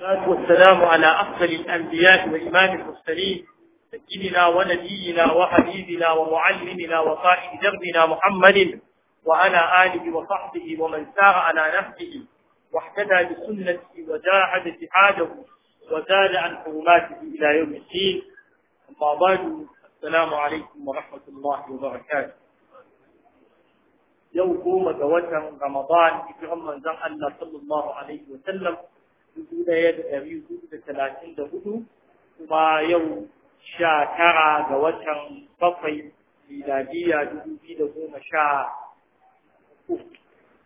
والصلاة والسلام على أفضل الأنبياء وإمام المرسلين سيدنا ونبينا وحبيبنا ومعلمنا وقائد دربنا محمد وعلى آله وصحبه ومن سار على نفسه واحتدى بسنته وجاهد جهاده وزاد عن حرماته إلى يوم الدين أما بعد السلام عليكم ورحمة الله وبركاته يوم قومة وجه رمضان في رمضان الله صلى الله عليه وسلم dubu ɗaya da ɗari hudu da talatin da hudu kuma yau sha tara ga watan bakwai miladiya dubu biyu da goma sha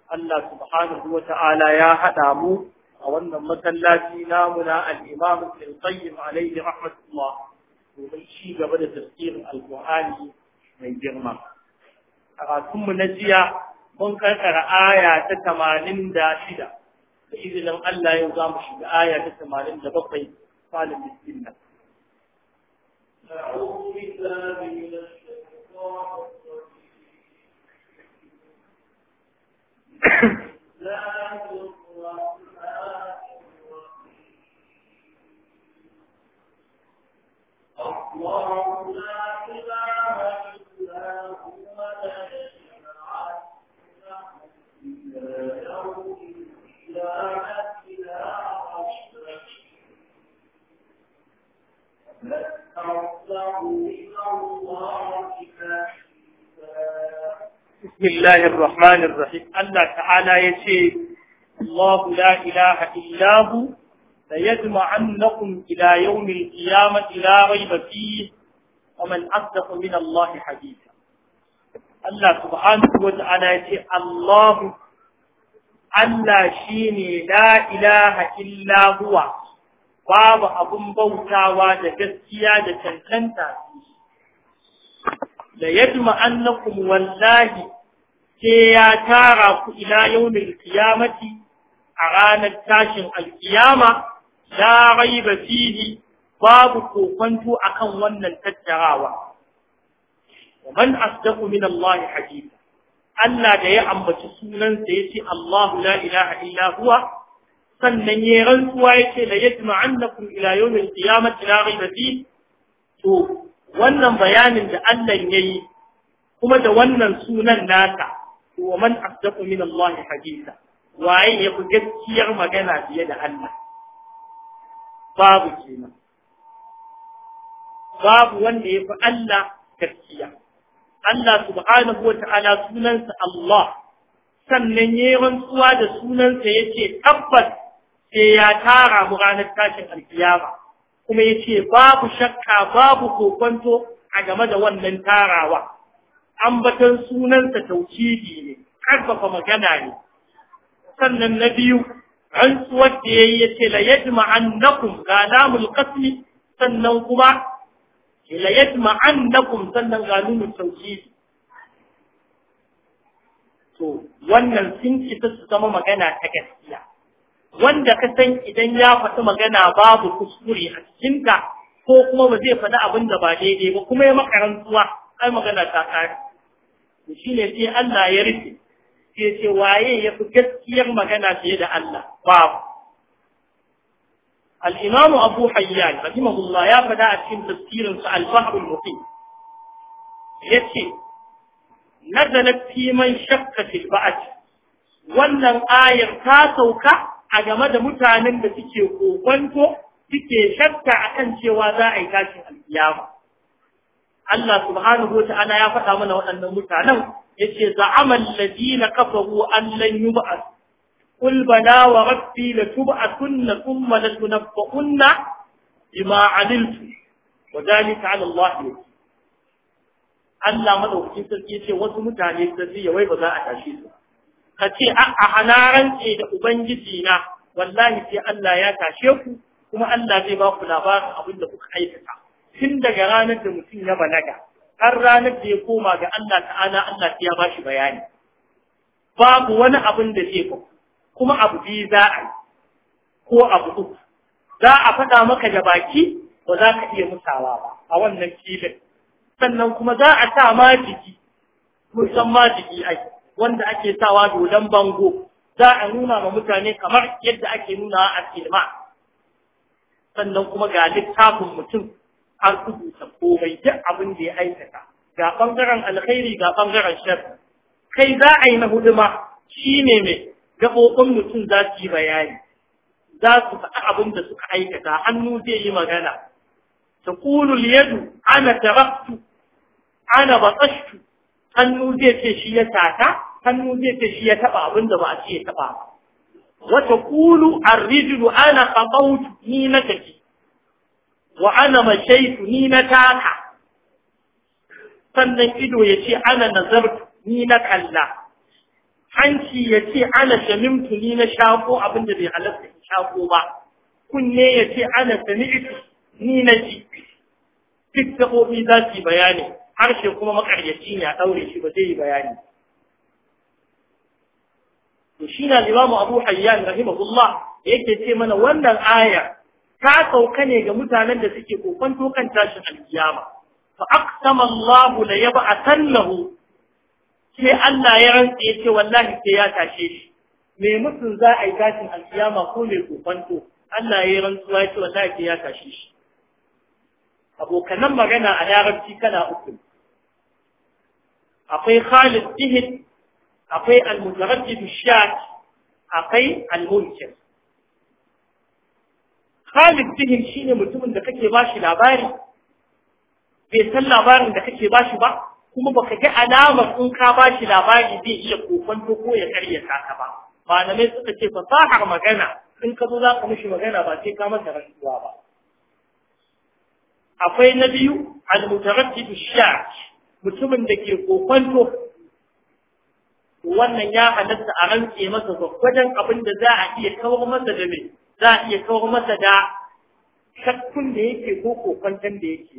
Allah subhanahu wa ta'ala ya haɗa mu a wannan masallaci namu na al-Imam Ibn Qayyim alayhi rahmatullah domin ci gaba da tafsirin Al-Qur'ani mai girma. Karatunmu na jiya mun karkara aya ta 86 إذن ألا يضامح بآية كثمان إلا بطي قال بسم الله أعوذ بالله من لا يضر الله بسم الله الرحمن الرحيم الله تعالى يشي الله لا إله إلا هو ليجمعنكم إلى يوم القيامة لا ريب فيه ومن أصدق من الله حديثا الله سبحانه وتعالى يشي الله الله شيني لا إله إلا هو babu abun bautawa da gaskiya da cancanta la yadda annakum wallahi sai ya tara ku ila yawmil qiyamati a ranar tashin alkiyama la raiba fihi babu kokonto akan wannan tattarawa wa man asdaqu min Allah hadith Allah da ya ambaci sunansa yace Allah la ilaha illa huwa sannan ya rantsuwa ya ce la yajma annakum ila yawmil qiyamati da fi to wannan bayanin da Allah yayi kuma da wannan sunan nata, wa man asdaqu min Allah hadisa waye ya fi gaskiyar magana fiye da Allah babu kenan babu wanda ya fi Allah gaskiya Allah subhanahu wata'ala sunansa Allah sannan ya yi rantsuwa da sunansa ya ce tabbas sai ya tara mu ranar tashin alkiyama kuma ya ce babu shakka babu kokonto a game da wannan tarawa ambatan sunansa tauhidi ne karfafa magana ne sannan na biyu rantsuwar da ya yace la an ga lamul qasmi sannan kuma la yajma'annakum sannan ga lamul to wannan sun ci su zama magana ta gaskiya wanda ka san idan ya faɗi magana babu kuskure a cikinta ko kuma ba zai faɗi abin da ba daidai ba kuma ya makarantuwa ai magana ta kare shi ne sai Allah ya rufe sai ce waye ya fi gaskiyar magana fiye da Allah babu al-Imam Abu Hayyan rahimahullah ya faɗa a cikin tafsirin sa al-Fahr al-Muqim yace nazalat fi man shakka fil ba'd wannan ayar ta sauka a game da mutanen da suke kokonto suke shakka kan cewa za a yi tashin alkiyama Allah subhanahu wa ta'ala ya faɗa mana waɗannan mutanen yace za'ama na kafaru an lan yub'as qul bala wa rabbi la tub'atunna thumma la tunabba'unna bima 'amiltu wa dhalika 'ala Allah Allah madaukakin sarki ce wasu mutane sai ya wai ba za a tashi su ka ce a hanarance da ubangiji na wallahi sai Allah ya tashe ku kuma Allah zai ba ku labarin abin da kuka aikata tun daga ranar da mutum ya balaga har ranar da ya koma ga Allah ta'ala Allah ya ba shi bayani babu wani abin da zai ku kuma abu biyu za a ko abu uku za a faɗa maka da baki ba za ka iya mutawa ba a wannan filin sannan kuma za a sa ma jiki musamman jiki ake wanda ake sawa dodon bango za a nuna ma mutane kamar yadda ake nuna a filma sannan kuma ga littafin mutum an rubuta komai duk abin da ya aikata ga bangaren alkhairi ga bangaren shar kai za a yi na huduma ne mai gaɓoɓin mutum za su yi bayani za su faɗi abin da suka aikata hannu zai yi magana تقول اليد أنا تركت أنا بطشت hannu zai ce shi ya tata hannu zai ce shi ya taba abin da ba a ce ya taba ba wata kulu arrijulu ana qatautu ni na tafi wa ana mashaitu ni na taka sannan ido ya ce ana nazartu ni na kalla hanci ya ce ana shamimtu ni na shako abin da bai halatta in shako ba kunne ya ce ana sami'tu ni na ji duk gaɓoɓi za su yi bayani harshe kuma makaryaci ne a ɗaure shi ba zai yi bayani to shi na limamu abu hayyan rahimahullah yake ce mana wannan aya ta sauka ne ga mutanen da suke kokon kan tashin aljiyama fa aqsama Allahu la yab'athannahu sai Allah ya rantsa yace wallahi sai ya tashe shi me mutun za a yi tashin alkiyama ko me to Allah ya rantsa yace wallahi sai ya tashe shi abokanan magana a yarabci kana uku akwai Khalid Ihid akwai al-mutaraddid shat akwai al-munkir Khalid shi shine mutumin da kake bashi labari bai san labarin da kake bashi ba kuma baka ga alamar in ka bashi labari zai iya kokonto ko ya karyata ka ba malamai suka ce fasahar magana in ka zo za ka mishi magana ba sai ka masa rantsuwa ba akwai na biyu al-mutaraddid mutumin da ke kokonto wannan ya halatta a rantse masa gwaggwajen abin da za a iya kawar masa da me za a iya kawar masa da shakkun da yake ko kokwanton da yake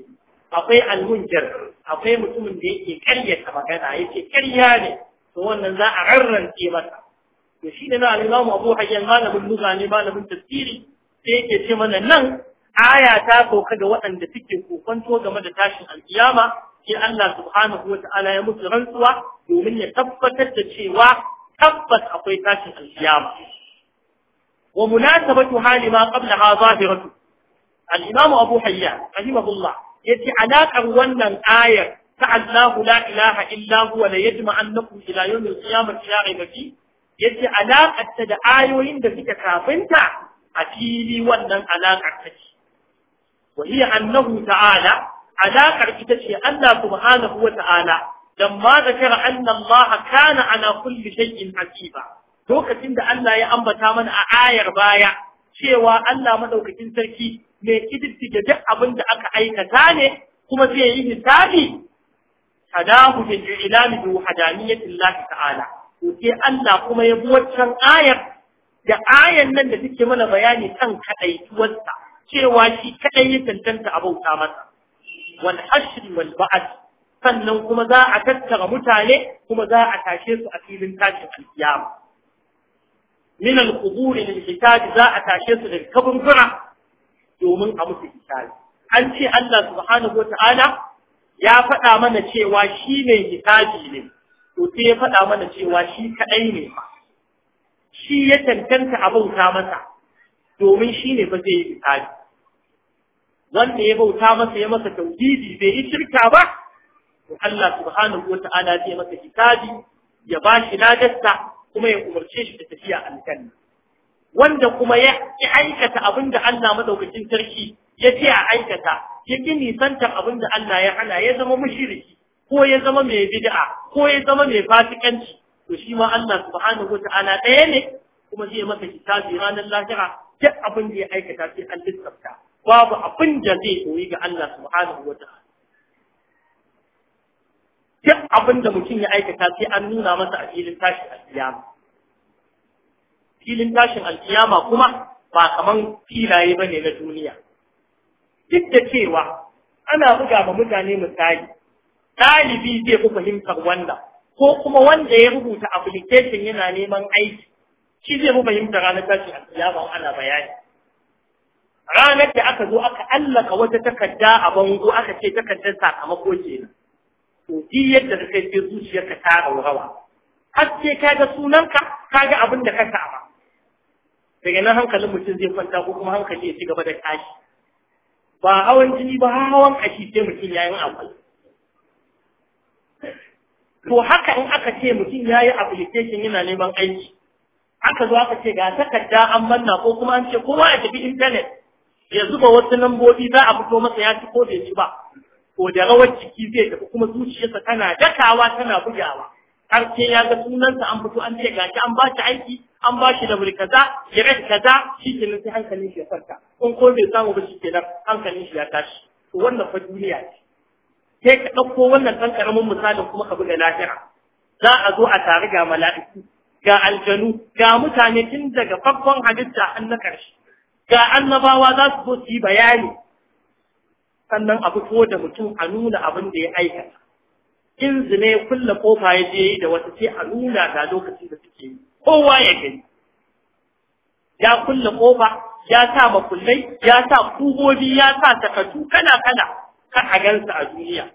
akwai almunjar akwai mutumin da yake karyata magana yake karya ne to wannan za a rarrantse masa to shi ne na alimamu abu hayyan malamin luga ne malamin tafsiri sai yake ce mana nan aya ta sauka ga waɗanda suke kokwanto game da tashin alkiyama sai Allah subhanahu wa ta'ala ya mutu rantsuwa domin ya tabbatar da cewa tabbas akwai tashin alkiyama wa munasabatu hali ma qablaha zahiratu al-imam abu hayyan rahimahullah yace alaƙar wannan ayar ta Allahu la ilaha illa huwa la yajma'annakum ila yawmil qiyamati la rayba yace alaƙar ta da ayoyin da suka kafinta a fili wannan alaƙar take wa hiya annahu ta'ala alaƙar ita ce Allah subhanahu wa ta'ala lamma zakara anna Allah kana ana kulli shay'in hasiba lokacin da Allah ya ambata mana a ayar baya cewa Allah madaukakin sarki mai kididdige duk abin da aka aikata ne kuma zai yi hisabi hadahu bil ilami bi wahdaniyyati Allah ta'ala to sai Allah kuma ya bi ayar da ayar nan da take mana bayani kan kadaituwarsa cewa shi kaɗai ya tantanta abauta masa wal ashri wal ba'd sannan kuma za a tattara mutane kuma za a tashe su a filin tashin alkiyama min al-qubur lil hisab za a tashe su daga kaburbura domin a musu hisabi an ce Allah subhanahu wata'ala ya faɗa mana cewa shi ne hisabi ne to sai ya faɗa mana cewa shi kaɗai ne fa shi ya tantanta a bauta masa domin shi ne fa zai yi hisabi wanda ya bauta masa ya masa tauhidi bai yi shirka ba to Allah subhanahu wata'ala zai masa hisabi ya ba shi ladarsa kuma ya umarce shi da tafiya aljanna wanda kuma ya aikata abin da Allah madaukakin sarki ya ce a aikata ya ki nisantar abin da Allah ya hana ya zama mushriki ko ya zama mai bid'a ko ya zama mai fasikanci to shi ma Allah subhanahu wata'ala ɗaya ne kuma zai masa hisabi ranar lahira duk abin da ya aikata sai an lissafta babu abin da zai koyi ga Allah subhanahu wa ta'ala duk abin da mutum ya aikata sai an nuna masa a filin tashin alkiyama filin tashin alkiyama kuma ba kaman filaye bane na duniya duk da cewa ana buga ma mutane misali ɗalibi zai fi fahimtar wanda ko kuma wanda ya rubuta application yana neman aiki shi zai fi fahimtar ranar tashin alkiyama ana bayani ranar da aka zo aka allaka wata takarda a bango aka ce takardar sakamako na. to ji yadda ka kai zuciyarka ta rawa har sai ka ga sunanka ka ga abin da ka saba daga nan hankalin mutum zai kwanta ko kuma hankali ya ci gaba da tashi ba hawan jini ba hawan kashi sai mutum ya yi akwai to haka in aka ce mutum ya yi application yana neman aiki aka zo aka ce ga takarda an manna ko kuma an ce kowa ya tafi internet ya zuba wasu lambobi za a fito masa ya ci ko bai ci ba ko da rawar jiki zai tafi kuma zuciyarsa tana dakawa tana bugawa har ya ga sunansa an fito an ce gashi an ba shi aiki an ba shi wuri kaza ya kaza shi kenan sai hankalin shi ya farka in ko bai samu ba shi kenan hankalin shi ya tashi to wannan fa duniya ce sai ka ɗauko wannan ɗan ƙaramin misalin kuma ka buga lahira za a zo a tare ga mala'iku ga aljanu ga mutane tun daga farkon halitta an na ƙarshe ga annabawa za su zo su yi bayani sannan a fito da mutum a nuna abin da ya aikata in zine kulle kofa ya je da wata sai a nuna ta lokacin da suke yi kowa ya gani ya kulle kofa ya sa makullai ya sa kugobi ya sa takatu kana kana ka a gansa a duniya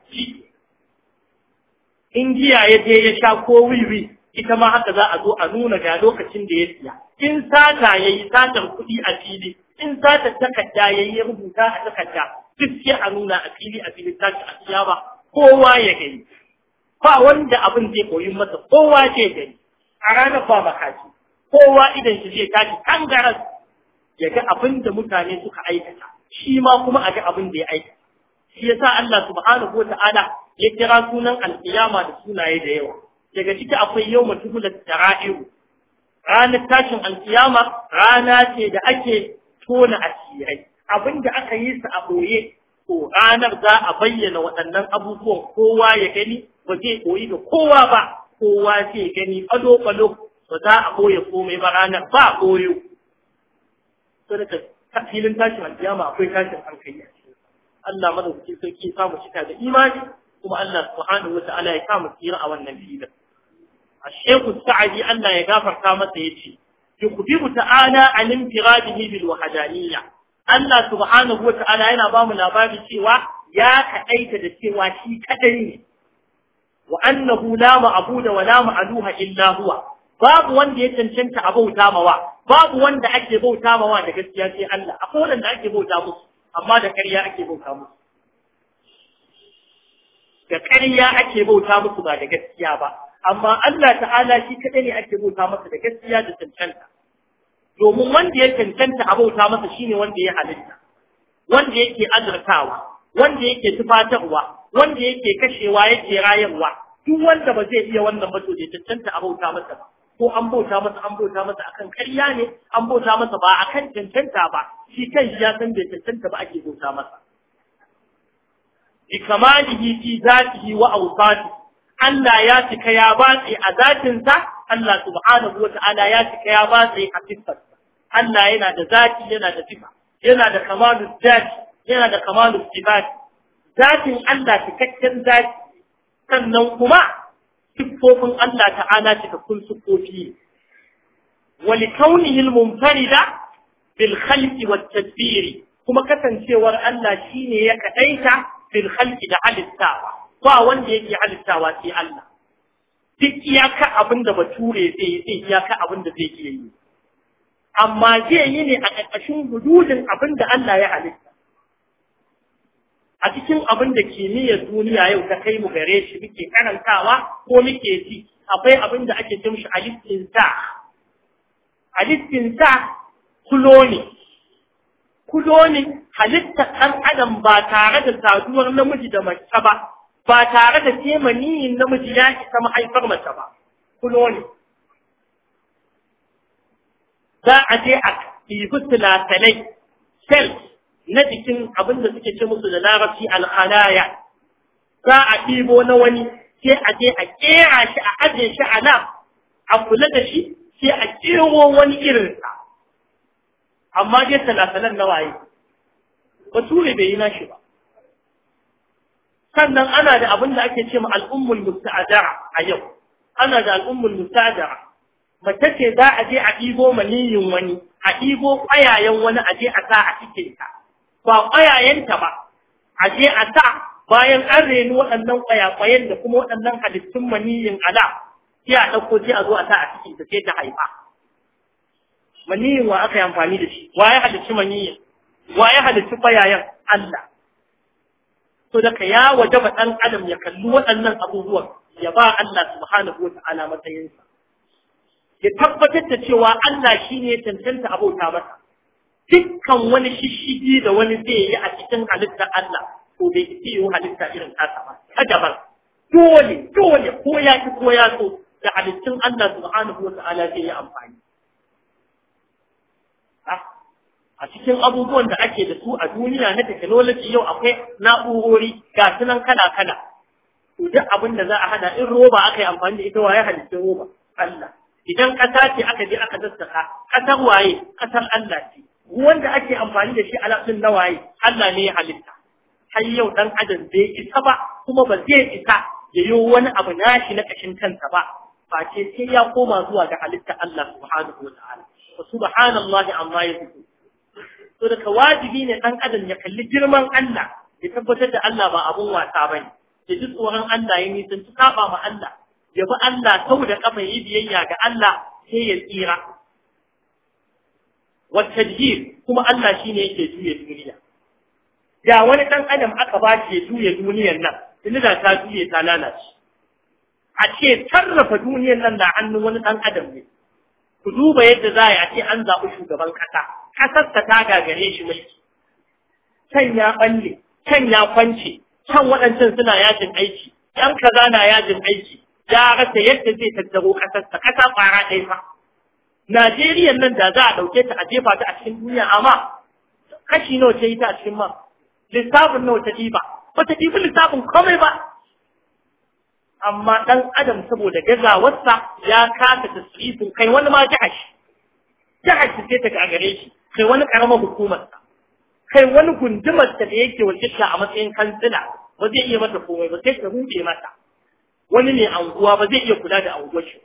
in giya ya je ya sha ko wiwi ita ma haka za a zo a nuna ga lokacin da ya siya in sata ya yi satar kuɗi a fili in sata takarda ya yi rubuta a takarda duk sai a nuna a fili a fili ta a siya ba kowa ya gani ba wanda abin zai koyi masa kowa zai gani a ranar ba makaci kowa idan shi zai tashi garas ya ga abin da mutane suka aikata shi ma kuma a ga abin da ya aikata shi yasa Allah subhanahu wa ta'ala ya kira sunan alƙiyama da sunaye da yawa daga ciki akwai yau mutum da tara'iru ranar tashin alkiyama rana ce da ake tona asirai da aka yi su a boye to ranar za a bayyana waɗannan abubuwan kowa ya gani ba zai koyi ga kowa ba kowa zai gani ado falo ba za a ɓoye komai ba ranar ba ɓoyo. so da filin tashin alkiyama akwai tashin hankali Allah madaukakin sarki ya samu cika da imani kuma Allah subhanahu wa ta'ala ya kama tsira a wannan filin sa'adi Allah الشيخ السعدي أن يغافر كامت يتي يخبر تعالى عن انفراده بالوحدانية Allah subhanahu wa ta'ala yana ba mu labari cewa ya kaɗaita da cewa shi kadai ne, wa annahu la ma'abuda wa la ma'aluha illa huwa, babu wanda ya cancanta a bauta mawa, babu wanda ake bauta mawa da gaskiya sai Allah, akwai wanda ake bauta musu, amma da ƙarya ake bauta musu. Da ƙarya ake bauta musu ba da gaskiya ba, amma Allah ta'ala shi kaɗai ne ake bauta masa da gaskiya da cancanta domin wanda ya cancanta a bauta masa shine wanda ya halitta wanda yake azurtawa wanda yake tufatarwa wanda yake kashewa yake rayarwa duk wanda ba zai iya wannan mato da cancanta a bauta masa ba ko an bauta masa an bauta masa akan ƙarya ne an bauta masa ba a kan cancanta ba shi kan shi ya san bai cancanta ba ake bauta masa bi kamalihi fi zatihi wa awsatihi Allah ya cika ya batse a zatinsa Allah subhanahu wata'ala ya cika ya batse a siffarsa Allah yana da zati yana da sifa yana da kamalul zati yana da kamalul sifat zatin Allah cikakken zati sannan kuma siffofin Allah ta'ala cikakkun siffofi ولكونه المنفرد بالخلق Kuma kasancewar Allah شوار أن شيني يكأيت بالخلق da halittawa. ba wanda yake halittawa sai Allah duk iyaka abin da bature zai yi sai iyaka abin da zai iya yi amma zai yi ne a ƙarƙashin hududin abin da Allah ya halitta a cikin abin da kimiyyar duniya yau ta kai mu gare shi muke karantawa ko muke ji akwai abin da ake cin shi alistinsa alistinsa kuloni kulonin halittar ɗan adam ba tare da saduwar namiji da mace ba ba tare da ke namiji ya isa mahaifar mace ba kulo ne za a je a ɗibi filatalai sel na jikin abin da suke ce musu da larabci alhalaya za a ɗibo na wani sai a je a ƙera shi a ajiye shi a nan a kula da shi sai a ƙero wani irinsa amma dai talatalan na waye bature bai yi nashi ba sannan ana da abin da ake ce ma al'ummul musta'adara a yau ana da al'ummul musta'adara mace ce za a je a ɗigo maniyin wani a ɗigo ƙwayayen wani a je a sa a cikin ta, ba ƙwayayenta ba a je a sa bayan an reni waɗannan ƙwayaƙwayen da kuma waɗannan halittun maniyin ala sai a ɗauko sai a zo a sa a cikin ta sai ta haifa maniyin wa aka yi amfani da shi wa ya halitti maniyin wa ya halitti ƙwayayen Allah so daga ya wajaba ɗan adam ya kalli waɗannan abubuwan ya ba Allah subhanahu wata'ala matsayinsa ya tabbatar da cewa Allah shi ne cancanta abota masa dukkan wani shishigi da wani zai yi a cikin halittar Allah to bai isi yiwu halitta irin tasa ba ta daban dole dole ko ya ki ko ya so da halittun Allah subhanahu wata'ala zai yi amfani a cikin abubuwan da ake da su a duniya na technology yau akwai na'urori ga sunan kala kala to duk abin da za a hada in roba aka yi amfani da ita waye halitta roba Allah idan ƙasa ce aka je aka daskaka ƙasar waye ƙasar Allah ce ruwan da ake amfani da shi a lafin na waye Allah ne ya halitta har yau dan adam bai isa ba kuma ba zai isa ya yi wani abu nashi na kashin kansa ba face sai ya koma zuwa ga halitta Allah subhanahu wa ta'ala wa subhanallahi amma yasifun to daga wajibi ne ɗan adam ya kalli girman Allah ya tabbatar da Allah ba abun wasa bane ya ji tsoron Allah ya nisanci saba ma Allah ya bi Allah sau da kafa yi biyayya ga Allah sai ya tsira wa tajhir kuma Allah shine yake juya duniya da wani ɗan adam aka ba shi ya juya duniyar nan tunda ta juye ta lalace a ce sarrafa duniyar nan da hannun wani dan adam ne ku duba yadda za a yi a ce an zaɓi shugaban ƙasa ƙasar ta ta gagare shi mulki can ya ɓalle can ya kwance can waɗancan suna yajin aiki ɗan kaza na yajin aiki ya rasa yadda zai tattaro ƙasarsa ƙasa ƙwara ɗaya fa Najeriya nan da za a ɗauke ta a jefa ta a cikin duniya amma kashi nawa ta yi ta a cikin ma lissafin nawa ta ɗiba ba ta ɗibi lissafin komai ba amma ɗan adam saboda gazawarsa ya kasa tasrifin kai wani ma jihar shi jihar shi sai ta gare shi kai wani karamar hukumarsa kai wani gundumarsa da yake wajibta a matsayin kansila ba zai iya mata komai ba sai ta huce mata wani ne anguwa ba zai iya kula da anguwar shi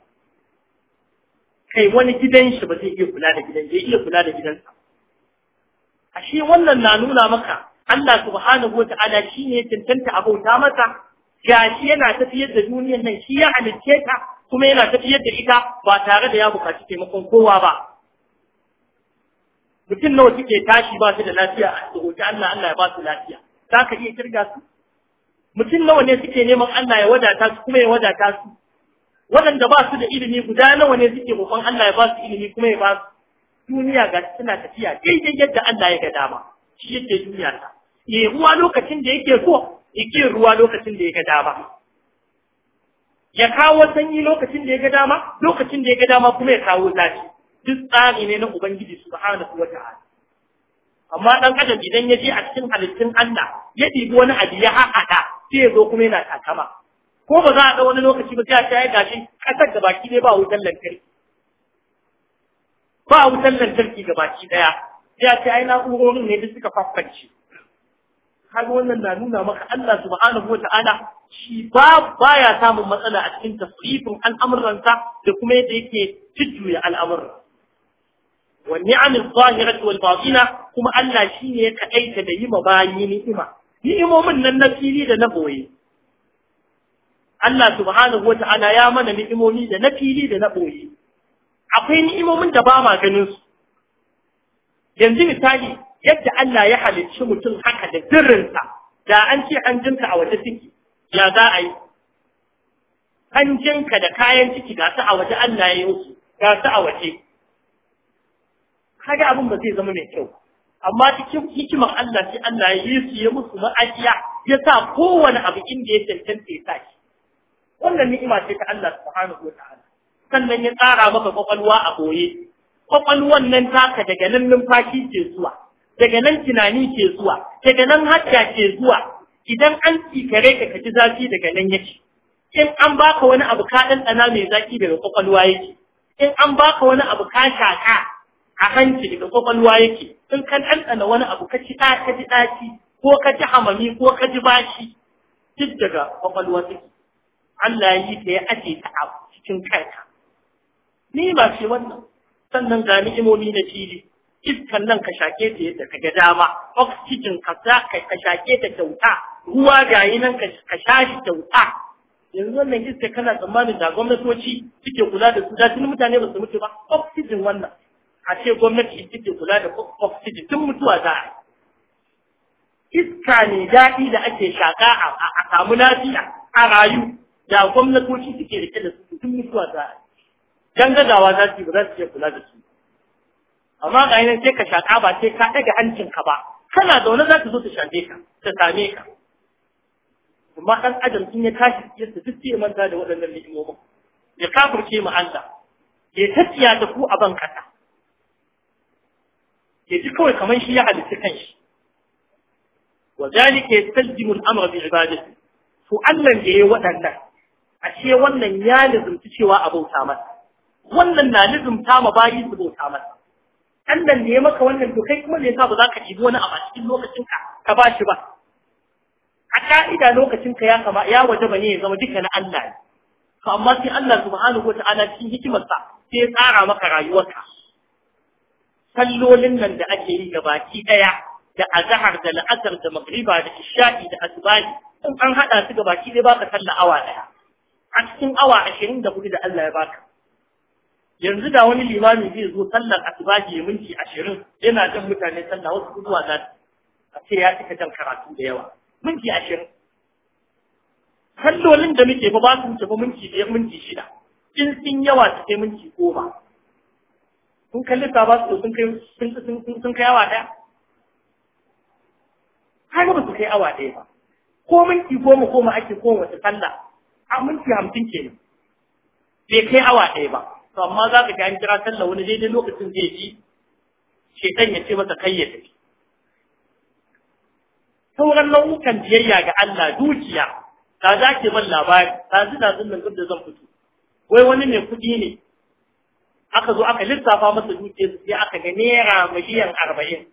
kai wani gidan shi ba zai iya kula da gidan zai iya kula da gidansa ashe wannan na nuna maka Allah subhanahu wa ta'ala shine tantanta abota masa gashi yana tafiyar da duniyar nan shi ya halicce ta kuma yana tafiyar da ita ba tare da ya bukaci taimakon kowa ba mutum nawa suke tashi ba su da lafiya a roƙi Allah Allah ya ba su lafiya za ka iya kirga su mutum nawa ne suke neman Allah ya wadata su kuma ya wadata su waɗanda ba su da ilimi guda nawa ne suke roƙon Allah ya ba su ilimi kuma ya ba su duniya ga suna tafiya daidai yadda Allah ya ga dama shi yake duniya ta eh ruwa lokacin da yake so igiyar ruwa lokacin da ya ga dama ya kawo sanyi lokacin da ya ga dama lokacin da ya ga dama kuma ya kawo zafi duk tsari ne na ubangiji wata wata'ala amma dan adam idan ya je a cikin halittun Allah ya ɗibi wani abu ya haɗa sai ya zo kuma yana takama ko ba za a ɗau wani lokaci ba sai a shayar shi kasar da baki ne ba wutar lantarki ba wutar lantarki ga baki ɗaya. sai a ce ai na'urorin ne da suka faffance kaga wannan na nuna maka Allah subhanahu wata'ala shi ba baya samun matsala a cikin tasrifin al'amuransa da kuma yadda yake jujjuya al'amuran wa ni'amil zahirati wal batina kuma Allah shine ya kaita da yi mabayi ni'ima ni'imomin nan na fili da na boye Allah subhanahu wata'ala ya mana ni'imomi da na fili da na boye akwai ni'imomin da ba ma ganin su yanzu misali yadda Allah ya halicci mutum haka da dirinsa da an ce hanjinka a waje ciki ya za a yi hanjinka da kayan ciki ga su a waje Allah ya yi su ga su a waje kaga abin ba zai zama mai kyau amma cikin hikimar Allah sai Allah ya yi su ya musu ma'ajiya ya sa kowane abu inda ya cancanta ya sa wannan ni'ima ce ta Allah subhanahu wa ta'ala sannan ya tsara maka kwakwalwa a boye kwakwalwan nan taka daga nan numfashi ke zuwa daga nan tunani ke zuwa daga nan hajja ke zuwa idan an tsikare ka kaji zafi daga nan yake in an baka wani abu ka ɗanɗana mai zafi daga kwakwalwa yake in an baka wani abu ka shaƙa a hanci daga kwakwalwa yake in ka ɗanɗana wani abu ka ci ka ji daci ko ka ji hamami ko ka ji bashi duk daga kwakwalwa take Allah yi ta ya aje ta a cikin kanka ni ba ce wannan sannan ga ni'imomi na fili iskan nan ka shake ta yadda ka ga dama oxygen ka sa ka shake ta kyauta ruwa yi nan ka sha shi kyauta yanzu wannan iska kana tsammanin da gwamnatoci suke kula da su da tun mutane ba su mutu ba oxygen wannan a ce gwamnati suke kula da oxygen tun mutuwa za a iska ne daɗi da ake shaƙa a samu lafiya a rayu da gwamnatoci suke rike da su tun mutuwa za a yi. Dangagawa za su yi ba za su iya kula da su. amma ga yanayin sai ka shaƙa ba sai ka ɗaga hancinka ba kana wani za ta zo ta shafe ka ta same ka amma ɗan adam in ya tashi ya su duk ya manta da waɗannan ni'imomin ya kafin mu Allah ya tafiya da ku a ban kasa ya ji kawai kamar shi ya halitta kanshi wa zalika yastalzimu al-amr bi ibadati to Allah da yi waɗannan ashe wannan ya lazumci cewa a bauta masa wannan na lazumta ma bayi su bauta masa Allah ne ya maka wannan to kai kuma me yasa ba za ka ɗibi wani abu a cikin lokacin ka ka ba shi ba a ka'ida lokacin ka ya kama ya waje ba ne ya zama duka na Allah ne to amma sai Allah subhanahu wataala cikin hikimarsa sai ya tsara maka rayuwarka sallolin nan da ake yi baki daya da azhar da la'asar da magriba da isha'i da asbani in an hada su gabaki dai baka sallah awa daya a cikin awa 24 da Allah ya baka yanzu da wani limami zai zo sallar asubahi ya minti ashirin yana jan mutane sallah wasu kuduwa za a ce ya cika jan karatu da yawa minti ashirin kallolin da muke ba ba su wuce ba minti biyar minti shida in sun yawa su kai minti goma sun kalli ba su sun kai sun kai awa ɗaya har ba su kai awa ɗaya ba ko minti goma ma ake kowace sallah a minti hamsin kenan bai kai awa ɗaya ba to amma za ka ga an kira sallah wani daidai lokacin zai ji shedan ya ce masa kai ya tafi sauran nau'ukan biyayya ga Allah dukiya ta za ke ban labari ta ji da zan da zan fito wai wani mai kuɗi ne aka zo aka lissafa masa dukiyar sai aka ga naira miliyan arba'in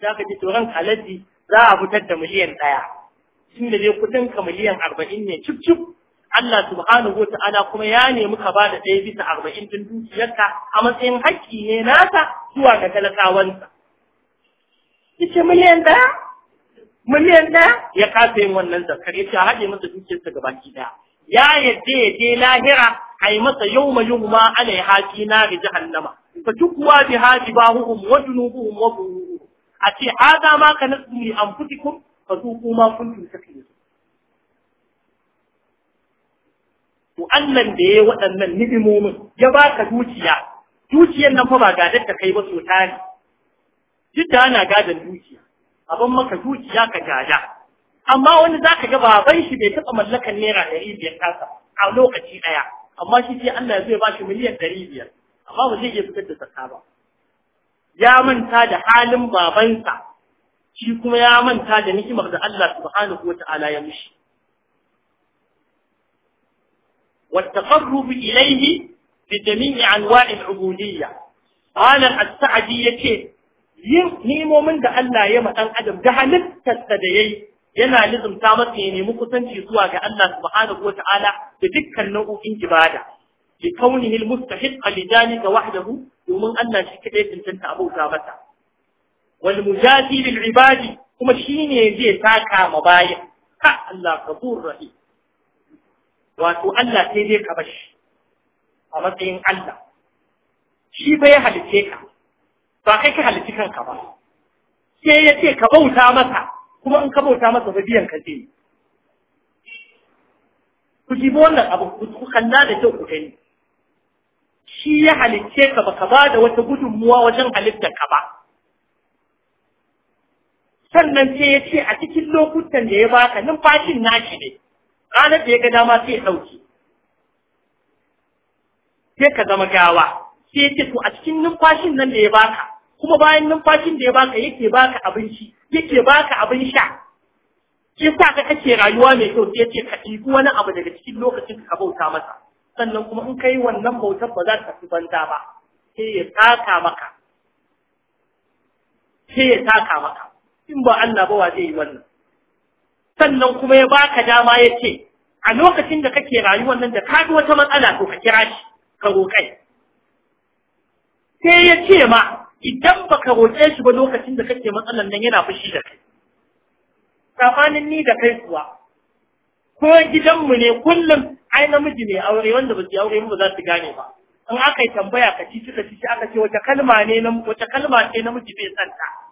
za ka ji tsoron alaji za a fitar da miliyan ɗaya tun da dai kuɗin ka miliyan arba'in ne cif Allah subhanahu wa ta'ala kuma ya nemi ka da ɗaya bisa arba'in ɗin dukiyarka a matsayin hakki ne nasa zuwa ga talakawansa. Ice miliyan ɗaya? Miliyan ɗaya? Ya kasa yin wannan zakar ya ce a haɗe masa dukiyarsa ga baki ɗaya. Ya yadda ya je lahira a yi masa yau ma yau ma ana yi haƙi na ga jahannama. ci kuwa bi haɗi ba hukum wa junubuhum wa buhuhum. A ce a ma ka nasu ni an ka fa ma kun kuntum takiyin. to Allah da ya yi waɗannan ni'imomin ya baka dukiya dukiyar nan fa ba gadar ta kai ba so tani duk da ana gadan dukiya abin maka dukiya ka gada amma wani zaka ga baban shi bai taɓa mallakan naira ɗari biyar tasa a lokaci ɗaya amma shi ce Allah zai ba shi miliyan ɗari biyar amma ba zai iya fitar da zakka ba ya manta da halin babansa shi kuma ya manta da ni'imar da Allah subhanahu wata'ala ya mishi والتقرب إليه بجميع أنواع العبودية قال السعدي يكي nemo min da Allah ya ma ɗan adam ga halittarsa da yayi yana nizumta masa ya nemi kusanci zuwa ga Allah subhanahu wataala da dukkan nau'o'in ibada bi kaunihi almustahiq lidhalika wahdahu domin Allah shi kadai tantanta abauta masa wal mujadi lil ibadi kuma shi ne zai saka ma bayan ka Allah ghafur rahim wato Allah sai dai ka bashi a matsayin Allah shi bai ya halice ka ba kai ka halice kanka ba sai ya ce ka bauta masa kuma in ka bauta masa ba biyan ka zai ku jibi wannan abu ku kalla da kyau ku gani shi ya halicce ka baka ba da wata gudunmuwa wajen halittar ka ba sannan sai ya ce a cikin lokutan da ya baka numfashin nashi ne ranar da ya ga dama sai ya ɗauke sai ka zama gawa sai ya ce to a cikin numfashin nan da ya baka kuma bayan numfashin da ya baka yake baka abinci yake baka abin sha shi sa ka kake rayuwa mai kyau sai ya ce ka ɗibi wani abu daga cikin lokacin ka bauta masa sannan kuma in kai wannan bautar ba za ta fi banza ba sai ya taka maka sai ya taka maka in ba Allah ba wa zai yi wannan sannan kuma ya baka dama ya ce a lokacin da kake rayuwar nan da ka wata matsala to ka kira shi ka roƙai sai ya ce ma idan ba baka roƙe shi ba lokacin da kake matsalan nan yana fushi da kai safanin ni da kai kuwa ko gidanmu ne kullum ai namiji ne aure wanda ba su aure mu ba za su gane ba in aka yi tambaya ka ci ka ci aka ce wata kalma ne namiji bai santa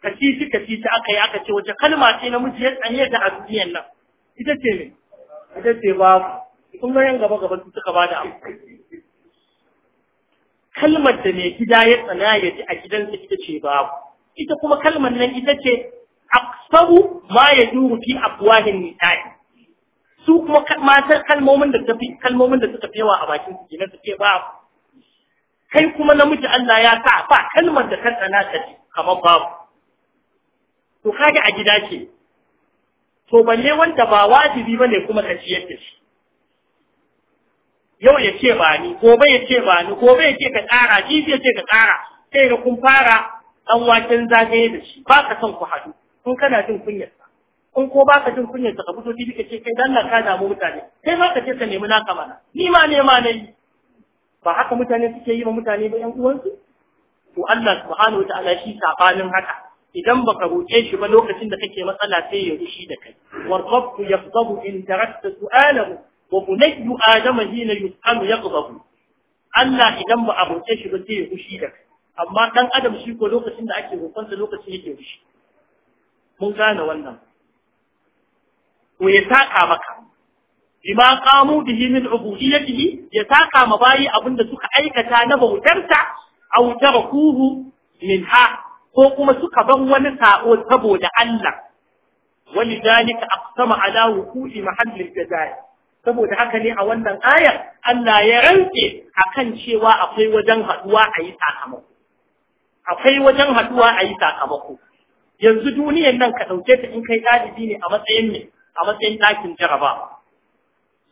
kacici kacici aka yi aka ce wace kalma ce namiji ya tsanye ta a duniyan nan ita ce ne ita ce ba kun ga gaba gaba su suka da abu kalmar da mai gida ya tsana ya ji a gidansa ita ce babu ita kuma kalmar nan ita ce aksaru ma ya duru fi afwahin nisa'i su kuma matar kalmomin da tafi kalmomin da suka fewa a bakin su kenan suke ba kai kuma namiji Allah ya sa ba kalmar da ka tsana ka ji kamar babu to kage a gida ce to balle wanda ba wajibi bane kuma ka ciyar da shi yau ya ce ba ni gobe ya ce ba ni gobe ya ce ka tsara jibi ya ce ka tsara sai ga kun fara dan waken zagaye da shi ba ka son ku haɗu kun kana jin kunyar Kun ko ba ka jin kunyar ka fito fili ka ce kai dan na ka damu mutane kai ma ka ce ka nemi naka mana ni ma ne ma nayi ba haka mutane suke yi ma mutane ba yan uwansu to Allah subhanahu wa ta'ala shi sabanin haka idan baka roƙe shi ba lokacin da kake matsala sai ya rushi da kai war rabbu yaghdabu in tarakta su'alahu wa bunayyu adama hina yus'alu yaghdabu Allah idan ba a roƙe shi ba sai ya rushi da kai amma dan adam shi ko lokacin da ake roƙon sa lokacin yake rushi mun gane wannan to ya saka maka bima qamu bihi min ubudiyyatihi ya saka ma bayi abinda suka aikata na bautarsa aw tarakuhu ha. ko kuma suka bar wani sa'o saboda Allah wani zalika aqsama ala wuqu'i mahallil jazaa saboda haka ne a wannan ayar Allah ya rantse akan cewa akwai wajen haduwa a yi sakamako akwai wajen haduwa a yi sakamako yanzu duniyar nan ka dauke ta in kai dalibi ne a matsayin ne a matsayin ɗakin jaraba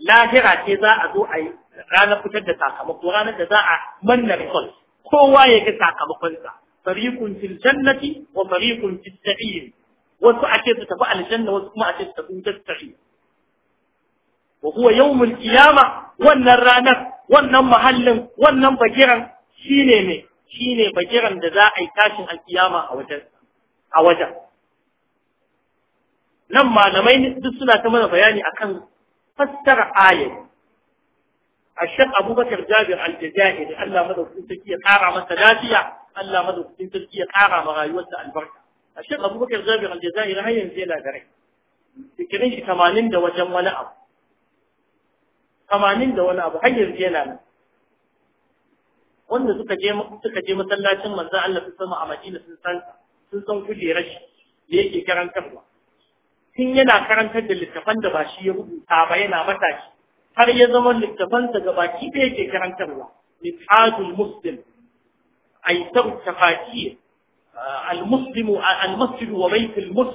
lahira ce za a zo a yi ranar fitar da sakamako ranar da za a manna result kowa ya ga sakamakonsa fariqun fil jannati wa fariqun fis sa'ir wasu ake su tafi aljanna wasu kuma ake su tafi wutar sa'ir wa huwa yawmul qiyama wannan ranar wannan mahallin wannan bagiran shine ne shine bagiran da za a yi tashin alkiyama a wajen a wajen nan malamai duk suna ta mana bayani akan fassara ayat الشيخ أبو بكر جابر الجزائري ألا مدى سنتكي قارع مسلاتية ألا مدى سنتكي قارع مغايوة البركة الشيخ أبو بكر جابر الجزائري هيا نزيلا دري فكرين كمانين دا وجم ولا أبو كمانين دا ولا أبو هيا نزيلا wanda suka je suka je masallacin manzo Allah su sama a Madina sun san sun san kujerar shi da yake karantarwa tun yana karantar da littafan da ba shi ya rubuta ba yana matashi har ya zama littafansa ga baki da yake karantarwa littafin muslim al tafakir wa المسجد وبيت المسلم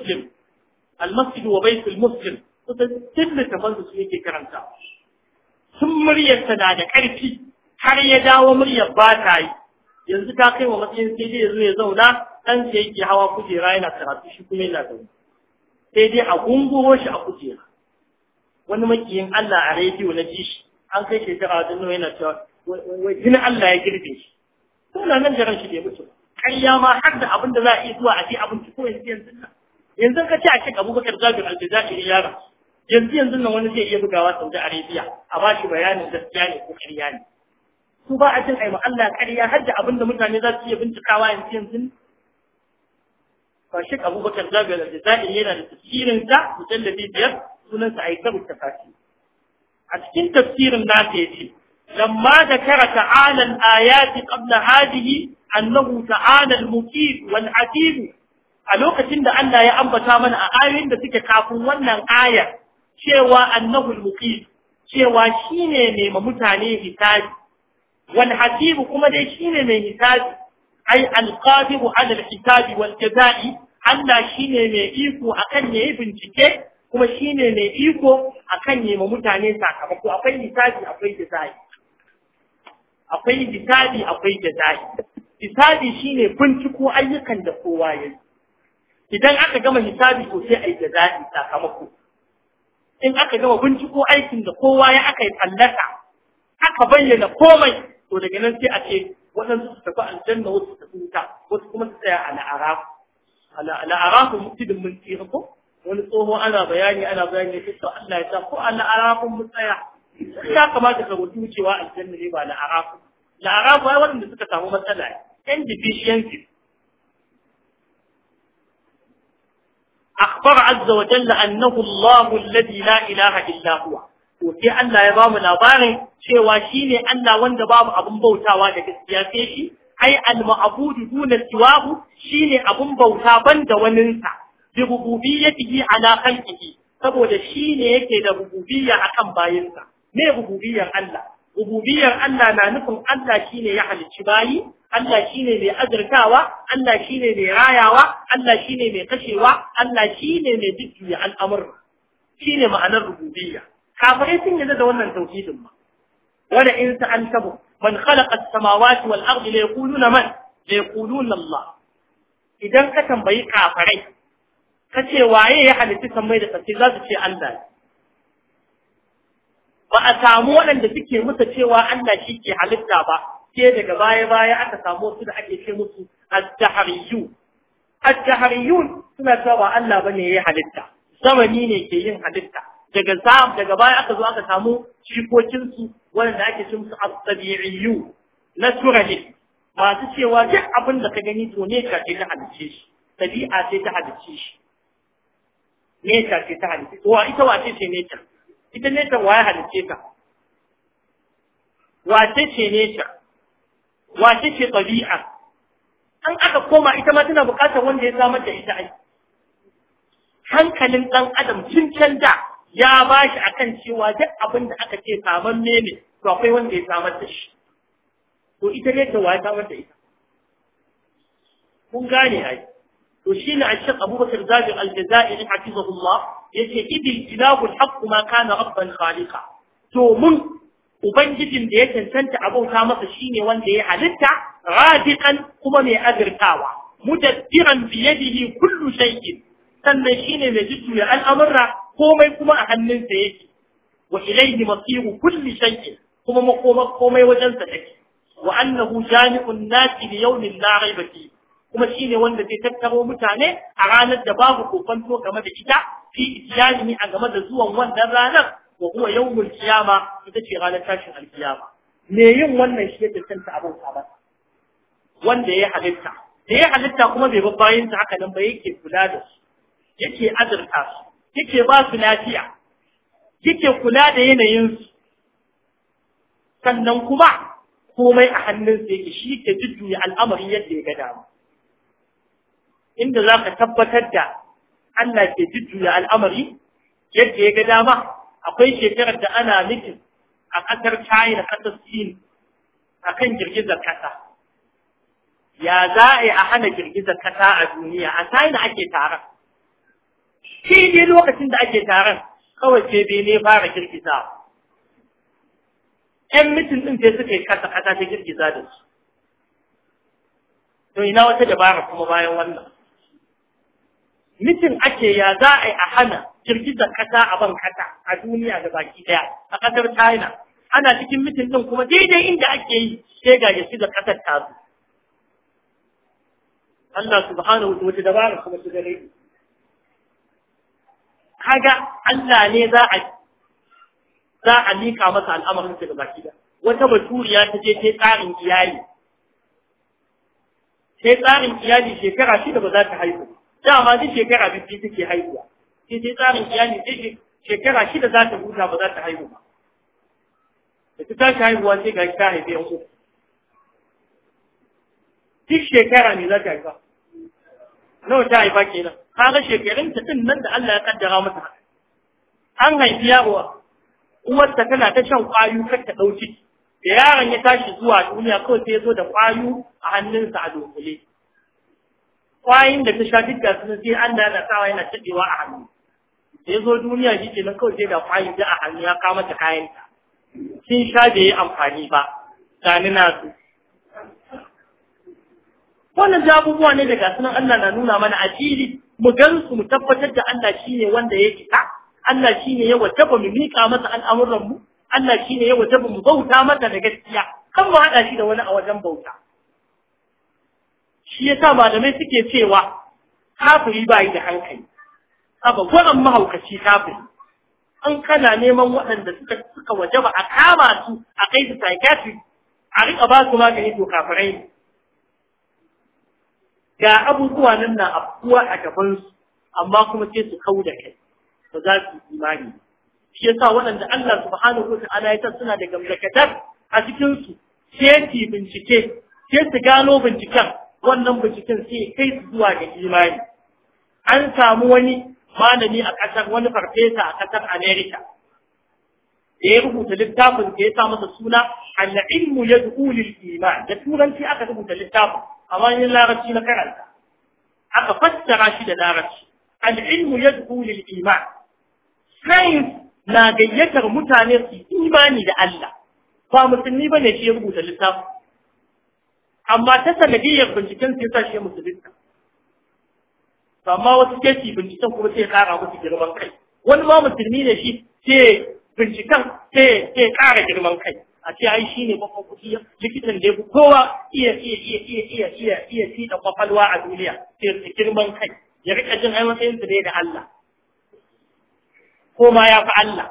المسجد وبيت المسلم تتم تفضل سيكي كرنتا sun muryarsa na da ƙarfi har ya dawo muryar ba ta yi yanzu ta kai wa matsayin sai dai ya zo ya zauna ɗan sai yake hawa kujera yana karatu shi kuma yana zaune sai dai a gungo shi a kujera wani makiyin Allah a rediyo na ji shi an kai shekara wajen nuna yana cewa wai jini Allah ya girbe shi ko na nan jaran shi bai mutu ƙarya ma har da abin da za a iya zuwa a ci abinci ko yanzu yanzu nan yanzu ka ce a ce Abubakar Jabir Al-Jazairi yara yanzu yanzu nan wani zai iya bugawa Saudi Arabia a ba shi bayanin gaskiya ne ko ƙarya ne su ba a jin ai Allah ƙarya har da abin da mutane za su iya bincikawa yanzu yanzu ba shi Abubakar Jabir Al-Jazairi yana da tafsirin sa mujallabi biyar sunansa aikaru tafafi a cikin tafsirin nasa yace lamma da kara ta'ala ayati qabla hadhihi annahu ta'ala al wal atid a lokacin da Allah ya ambata mana a ayoyin da suke kafin wannan aya cewa annahu al cewa shine mai mutane hisabi wal hasib kuma dai shine mai hisabi ai al ala al wal jazaa'i Allah shine mai iko akan yayi bincike kuma shi ne mai iko a kan nema mutane sakamako akwai hisabi akwai jazai akwai hisabi akwai jazai hisabi ne binciko ayyukan da kowa ya yi idan aka gama hisabi ko sai ai jazai sakamako in aka gama binciko aikin da kowa ya aka yi fallasa aka bayyana komai to daga nan sai a ce waɗansu su tafi aljanna wasu su tafi wuta wasu kuma su tsaya a la'arafu a la'arafu mutidin mun tsira ko wani tsoho ana bayani ana bayani ne Allah ya sa ko an tsaya ya kamata ka rubuta cewa aljanna ne ba na arafu na waɗanda suka samu matsala yan deficiency Azza wa Jalla, أنه الله الذي لا إله إلا هو to sai Allah ya bamu labarin cewa shine Allah wanda babu abun bautawa da gaskiya sai shi ai al-ma'budu duna siwahu shine abun bauta banda waninsa bi rububiyyatihi ala khalqihi saboda shi ne yake da rububiyya akan bayinsa me rububiyyar Allah rububiyyar Allah na nufin Allah shine ya halicci bayi Allah shine mai azurtawa Allah shine mai rayawa Allah shine mai kashewa Allah shine mai jujjuya al'amurra shine ma'anar rububiyya kafirai sun yarda da wannan tauhidin ma wala in sa'altabu man khalaqa as-samawati wal ardi la yaquluna man la yaquluna Allah idan ka tambayi kafirai kace waye ya halitta sammai da ƙasai za su ce Allah ba a samu waɗanda suke musa cewa Allah shi ke halitta ba sai daga baya baya aka samu su da ake ce musu al-jahariyyu al-jahariyyu suna cewa ba Allah bane ya halitta zamani ne ke yin halitta daga sam daga baya aka zo aka samu shikokin su wanda ake ce musu al-tabi'iyu na turani masu cewa duk abin da ka gani to ne ka ce ta halice shi tabi'a sai ta halice shi nature ce ta halitta to ita wace ce nature ita nature waye halitta ta wace ce nature wace ce tabi'a an aka koma ita ma tana buƙatar wanda ya samar da ita ai hankalin ɗan adam tun can da ya ba shi akan cewa duk abin da aka ce saman mene to akwai wanda ya samar da shi to ita ne ta ya samar da ita kun gane ai to shi ne a cikin abubakar zagin aljazairi hafizahullah ya ce idil ilahu alhaqqu ma rabban khaliqa to mun ubangijin da ya cancanta abauta masa shine wanda ya halitta radiqan kuma mai azirtawa mujaddiran bi yadihi kullu shay'in sannan shine mai ya al'amurra komai kuma a hannunsa yake wa ilayhi masiru kulli shay'in kuma makoma komai wajensa take wa annahu jami'un nasi li yawmin la raiba fihi kuma shi ne wanda zai tattaro mutane a ranar da babu to game da ita fi islami a game da zuwan wannan ranar wa kuma yawmul kiyama ita ce ranar tashin alkiyama me yin wannan shi ya tantance abin ba wanda ya halitta da ya halitta kuma bai babbayin ta haka nan ba yake kula da su yake azurta su yake ba su lafiya yake kula da yanayin su sannan kuma komai a hannunsa yake shi ke jujjuya al'amari yadda ya ga dama inda za ka tabbatar da Allah ke jujjuya al'amari yadda ya ga dama akwai shekarar da ana mitin a ƙasar China ƙasar Sin a kan girgizar ƙasa. Ya za a hana girgizar ƙasa a duniya a China ake taron. Shi ne lokacin da ake taron kawai ce bai ne fara girgiza. ‘Yan mitin ɗin sai suka yi kasa ƙasa ta girgiza da su. To ina wata dabara kuma bayan wannan. mitin ake ya za a yi a hana girgizar kasa a ban kasa a duniya da baki daya a kasar china ana cikin mitin din kuma daidai inda ake yi sai ga girgizar kasar ta zo Allah subhanahu wa ta'ala dabara kuma su gare kaga Allah ne za a za a mika masa al'amarin da baki daya wata baturiya ta je ta tsarin iyali sai tsarin iyali shekara shida ba za ta haihu dama duk shekara biyu-biyu take haihuwa sai sai tsarin iyali sai shekara shida za ta huta ba za ta haihu ba da ta tashi haihuwa sai ga ta haife yan uku duk shekara ne za ta haifa nawa ta haifa kenan ga shekarun ta din nan da Allah ya kaddara mata an haifi yaro ta tana ta shan kwayu kar ta dauki da yaron ya tashi zuwa duniya kawai sai ya zo da kwayu a hannunsa a dokule kwayin da ta sha duk ga su sai an yana sawa yana tadewa a hannu sai zo duniya shi ke nan kawai sai da kwayin da a hannu ya kama ta kayan ta sun sha da yi amfani ba sani na su wannan da abubuwa ne daga sunan Allah na nuna mana a fili mu gan su mu tabbatar da Allah ne wanda ya kita Allah ne ya wajaba mu mika masa al'amuran mu Allah ne ya wajaba mu bauta masa da gaskiya kan mu hada shi da wani a wajen bauta shi yasa malamai suke cewa kafiri ba yi da hankali haba gwaran mahaukaci kafiri an kana neman waɗanda suka suka waje ba a kama su a kai su psychiatric a rika ba su magani to kafirai ne ga abubuwa nan na afkuwa a gabansu amma kuma sai su kau da kai ba za su imani shi yasa waɗanda Allah subhanahu wa ta'ala ya suna da gamzakatar a cikin su sai bincike sai su gano binciken wannan binciken sai kai su zuwa ga imani an samu wani malami a ƙasar wani farfesa a ƙasar Amerika da ya rubuta littafin da ya sa masa suna al-ilmu yad'u lil iman da turanci aka rubuta littafin amma ni larabci na karanta aka fassara shi da larabci al-ilmu yad'u lil iman science na gayyatar mutane su imani da Allah ba musulmi bane shi ya rubuta littafin amma ta sanadiyyar binciken sai sa shi musulunta amma wasu ke ci binciken kuma sai kara musu girman kai wani ma musulmi ne shi sai binciken sai sai kara girman kai a ce ai shi ne babban kuɗi likitan da ya kowa iya iya iya iya iya iya iya fi da kwakwalwa a duniya sai su girman kai ya rika jin ai matsayin yanzu ne da Allah ko ma ya fi Allah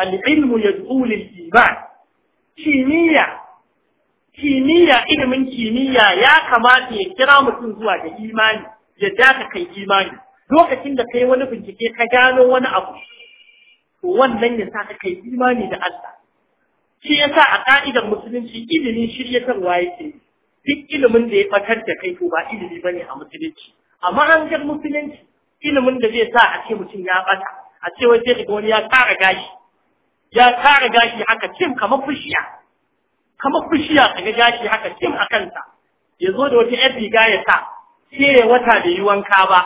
al-ilmu yad'u lil iman kimiyya kimiyya ilimin kimiyya ya kamata ya kira mutum zuwa da imani ya daka kai imani lokacin da kai wani bincike ka gano wani abu wannan ya sa kai imani da Allah shi ya sa a ka'idar musulunci ilimin shiryatarwa yake duk ilimin da ya fatar da kai to ba ilimi ba ne a musulunci amma an ga musulunci ilimin da zai sa a ce mutum ya bata a ce wai sai wani ya kara gashi ya kara gashi haka cin kamar fushiya kamar bishiya a ga gashi haka cin a kansa ya zo da wata yar riga ya sa sai ya wata da yi wanka ba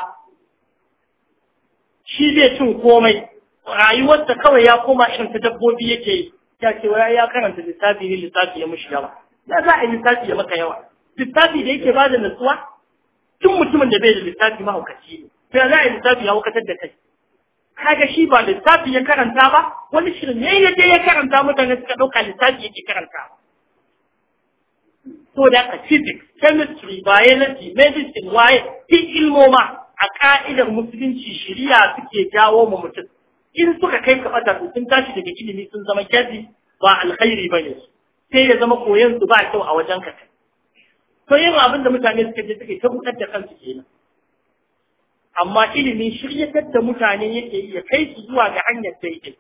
shi bai cin komai rayuwarsa kawai ya koma irin ta dabbobi yake yi ya ce wa ya karanta lissafi ne lissafi ya mushi yawa na za a yi lissafi ya maka yawa lissafi da yake bada nutsuwa tun mutumin da bai da lissafi mahaukaci ne sai za a yi lissafi ya hukatar da kai kaga shi ba lissafi ya karanta ba wani shirin ne ya je ya karanta mutane suka ɗauka lissafi yake karanta So da ka physics, chemistry, biology, medicine, waye, duk ilmoma a ka'idar musulunci shiriya suke jawo mu mutum. In suka kai ka fata sun tashi daga ilimi sun zama kyazi ba alkhairi ba ne Sai ya zama koyon su ba kyau a wajen ka. To yin abin da mutane suka je suke ta da kansu kenan. Amma ilimin shiryatar da mutane yake yi kai su zuwa ga hanyar daidai.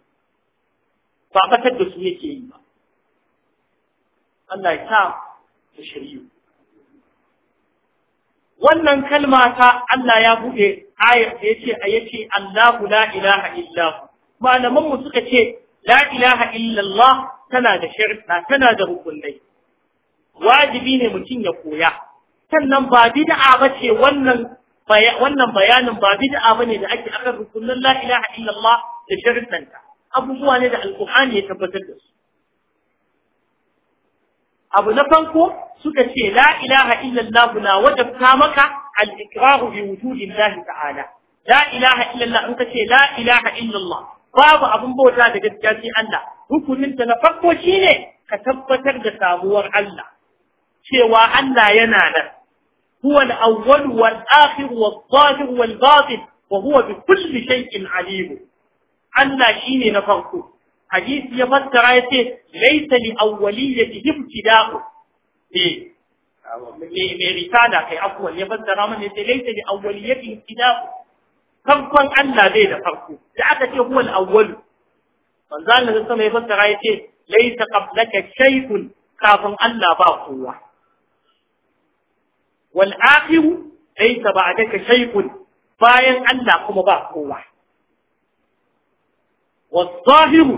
Ba ɓatar da su yake yi ba. Allah ya sa wannan kalma ta Allah ya buɗe ayar da yace yace Allahu la ilaha illa malaman mu suka ce la ilaha illa Allah tana da sharta tana da hukunai wajibi ne mutum ya koya sannan ba bid'a bace wannan wannan bayanin ba bid'a bane da ake akan rukunin la ilaha illa Allah da shartanta abubuwa ne da alqur'ani ya tabbatar da su abu na farko suka ce la ilaha illallah na wajabta maka al-ikrahu bi wujudillahi ta'ala la ilaha illallah in ka ce la ilaha illallah babu abin bauta da gaskiya sai Allah hukumin ta na farko shine ka tabbatar da sabuwar Allah cewa Allah yana nan huwa al-awwal wal akhir wal zahir wal batin wa huwa bi kulli shay'in alim Allah shine na farko hadisi ya fassara ya ce laisa li awwaliyatihim fida'u eh me risala kai afwan ya fassara mana ce laisa li awwaliyatihim fida'u farkon Allah zai da farko da aka ce huwal awwal manzo Allah sai ya fassara ya ce laisa qablaka shay'un kafin Allah ba kowa wal ba a ba'daka shay'un bayan Allah kuma ba kowa والظاهر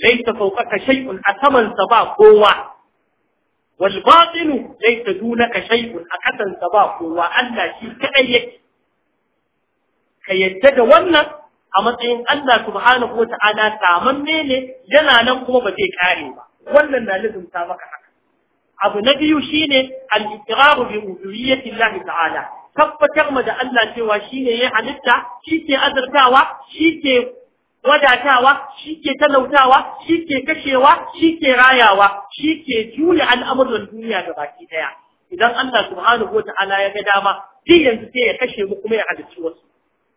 laita fawqaka shay'un a samansa ba kowa Walbaɗinu laita dunaka shay'un a ƙasansa ba kowa Allah shi kadai yake ka yadda da wannan a matsayin Allah subhanahu wa ta'ala samanne ne yana nan kuma ba zai kare ba wannan na nufin maka haka abu na biyu shine al-iqraru bi uluhiyyati Allah ta'ala tabbatar mu da Allah cewa shine ya halitta shi ke azurtawa shi ke wadatawa shi ke talautawa shi ke kashewa shi ke rayawa shi ke juya al'amuran duniya da baki daya idan Allah subhanahu wata'ala ya ga dama shi yanzu sai ya kashe mu kuma ya halicci wasu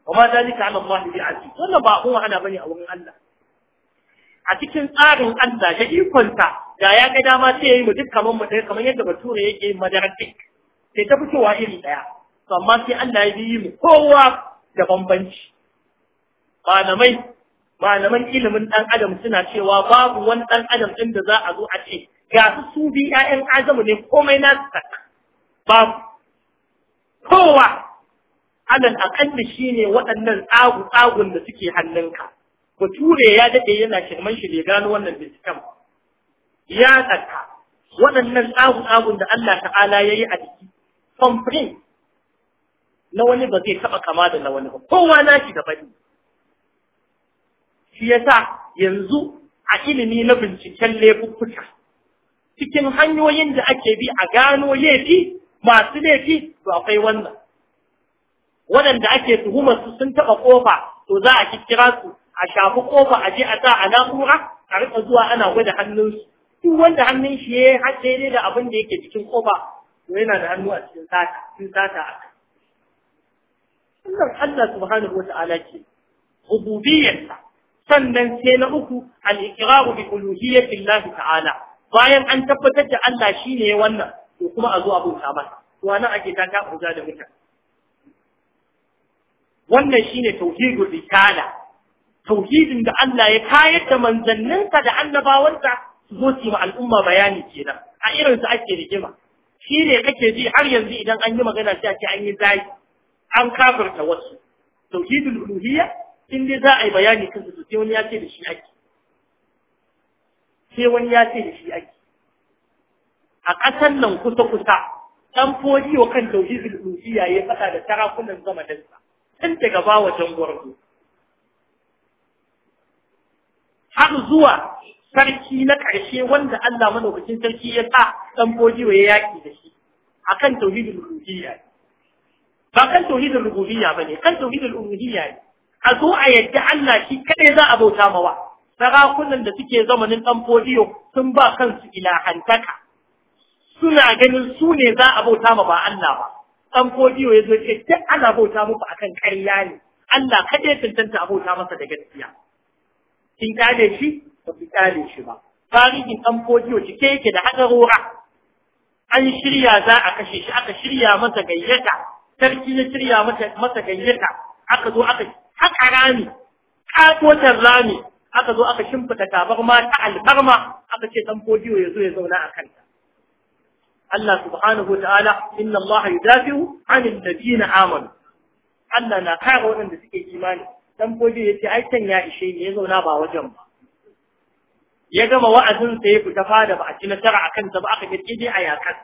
wa ma zalika ala Allah bi aziz wannan ba kuma ana bane a wurin Allah a cikin tsarin Allah da ikonta da ya ga dama sai yayi mu duk kaman mu dai kaman yadda bature yake madarar sai ta fitowa iri daya to amma sai Allah ya yi mu kowa da bambanci malamai malaman ilimin ɗan adam suna cewa babu wani ɗan adam ɗin da za a zo a ce ga su su bi ƴaƴan azamu ne komai na su babu kowa alal aƙalli shine waɗannan tsagu tsagun da suke hannunka bature ya daɗe yana shirman shi bai gano wannan bincikan ya tsaka waɗannan tsagu tsagun da Allah ta'ala yayi a jiki thumbprint na wani ba zai taɓa kama da na wani ba kowa na shi da bane shi yasa yanzu a ilimi na binciken laifuffuka cikin hanyoyin da ake bi a gano laifi masu laifi to akwai wannan waɗanda ake tuhumar su sun taɓa ƙofa to za a kikkira su a shafi ƙofa a je a sa a na'ura a rika zuwa ana gwada hannunsu duk wanda hannun shi ya har daidai da abin da yake cikin ƙofa to yana da hannu a cikin sata cikin sata a kai Allah subhanahu wa ta'ala ke sannan sai na uku al-iqraru bi uluhiyyati Allah ta'ala bayan an tabbatar da Allah shine wannan to kuma a zo a bauta masa to anan ake ta ka kuza da mutane wannan ne tauhidul risala tauhidin da Allah ya kayar da manzanninsa da annabawansa su zo su ma al'umma bayani kenan a irin su ake rigima shi ne kake ji har yanzu idan an yi magana sai ake an yi zai an kafirta wasu tauhidul uluhiyya in dai za a yi bayani kan su sai wani ya ce da shi ake sai wani ya ce da shi ake a ƙasar nan kusa kusa dan fodi wa kan tauhidul uluhiyya ya faɗa da sarakunan zamaninsa tun daga bawa jangwarzo har zuwa sarki na ƙarshe wanda Allah madaukakin sarki ya sa dan fodi wa ya yaƙi da shi akan tauhidul uluhiyya ba kan tauhidul rububiyya bane kan tauhidul uluhiyya ne a zo a yadda Allah shi kadai za a bauta mawa sarakunan da suke zamanin dan fodiyo sun ba kansu ilahantaka suna ganin su ne za a bauta ma ba Allah ba dan fodiyo ya zo ce duk ana bauta muku akan ƙarya ne Allah kadai tantanta a bauta masa da gaskiya kin kale shi ba ki kale shi ba tarihin dan fodiyo cike yake da hadarura an shirya za a kashe shi aka shirya masa gayyata sarki ya shirya masa gayyata aka zo aka haka rami katotar rami aka zo aka shimfita tabar ta alfarma aka ce dan fodiyo ya zo ya zauna a kanta Allah subhanahu wa ta'ala inna Allah yudafi'u 'anil ladina amanu Allah na kare waɗanda suke imani dan fodiyo ce ai can ya ishe ne ya zauna ba wajen ba ya gama wa'azinsa ya fita fada ba a ci nasara akan sa ba aka ga dai a yakan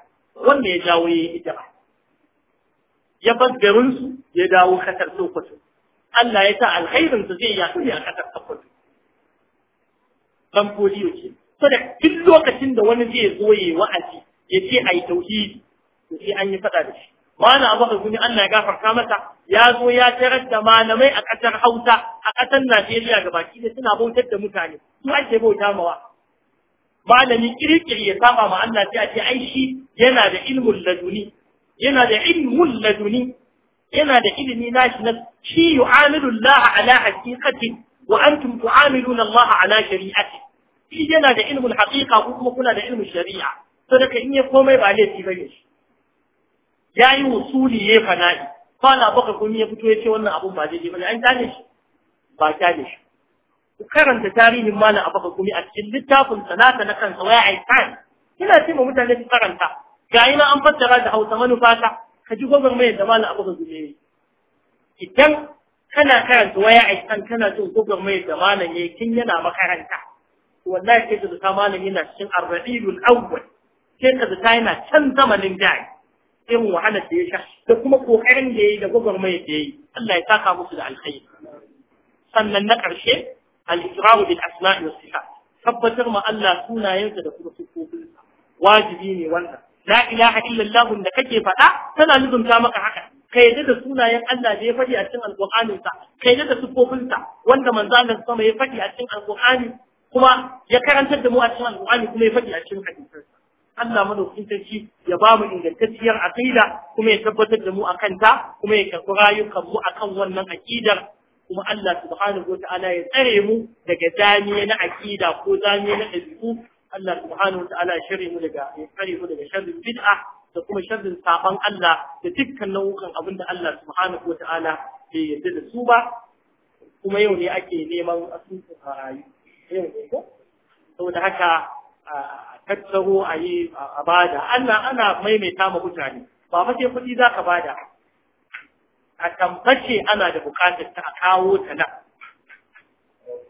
wanda ya jawo ya ita ba ya bar garinsu ya dawo kasar Sokoto Allah ya sa alkhairin su zai yaɗu ne a ƙasar Sokoto dan fodiyo ce, so da duk lokacin da wani zai zo yi wa'azi ya ce yi tauhidi to sai an yi faɗa da shi mana abu ka guni Allah ya gafarta masa ya zo ya tarar da malamai a ƙasar Hausa a ƙasar Najeriya baki da suna bautar da mutane su ake bauta mawa malami kirkiri ya saba ma Allah sai a ce ai shi yana da ilmun laduni yana da ilmun laduni yana da ilimi nashi na shi yu'amilu Allah ala haqiqati wa antum tu'amiluna Allah ala shari'ati shi yana da ilmul haqiqa ko kuma kuna da ilmul shari'a to daga in ya komai ba laifi ba ya shi yayi usuli yayi fana'i kwana baka kuma ya fito ya ce wannan abun ba daidai bane an tane shi ba tane shi ku karanta tarihin malam abaka kuma a cikin littafin sanata na kansa waya aikan ina ce ma mutane su karanta ga ina an fassara da Hausa manufa ta ka ji gwagwarmayar da malam abu gazume ne idan kana karanta waya a kan kana jin gwagwarmayar da malam ya yi kin yana makaranta wallahi sai ka zata malam yana cikin arraɗilul awwal sai ka zata yana can zamanin jari irin wahalar da ya sha da kuma kokarin da ya yi da gwagwarmayar da ya yi Allah ya saka musu da alkhairi sannan na ƙarshe al-iqrar bil asma'i was sifat tabbatar ma Allah sunayensa da kuma sifofinsa wajibi ne wannan la ilaha illallah da kake faɗa tana luzumta maka haka ka yadda da sunayen Allah da ya faɗi a cikin alƙur'anin sa ka yadda da sifofinsa wanda manzo Allah sama ya faɗi a cikin alƙur'ani kuma ya karantar da mu a cikin alƙur'ani kuma ya faɗi a cikin hadisin Allah madaukakin sarki ya ba mu ingantacciyar aqida kuma ya tabbatar da mu akan ta kuma ya karɓi rayukan mu akan wannan aqidar kuma Allah subhanahu wa ta'ala ya tsare mu daga damiya na aqida ko damiya na dabi'u. Allah subhanahu wa ta'ala mu daga ya mu daga sharrin bid'a da kuma sharrin saban Allah da dukkan nau'ukan abin da Allah subhanahu wa ta'ala bai yarda da su ba kuma yau ne ake neman asusun rayu yau ne saboda haka a tattaro a yi a bada Allah ana maimaita ma mutane ba fa sai kuɗi za ka bada a tambace ana da bukatar ta a kawo ta nan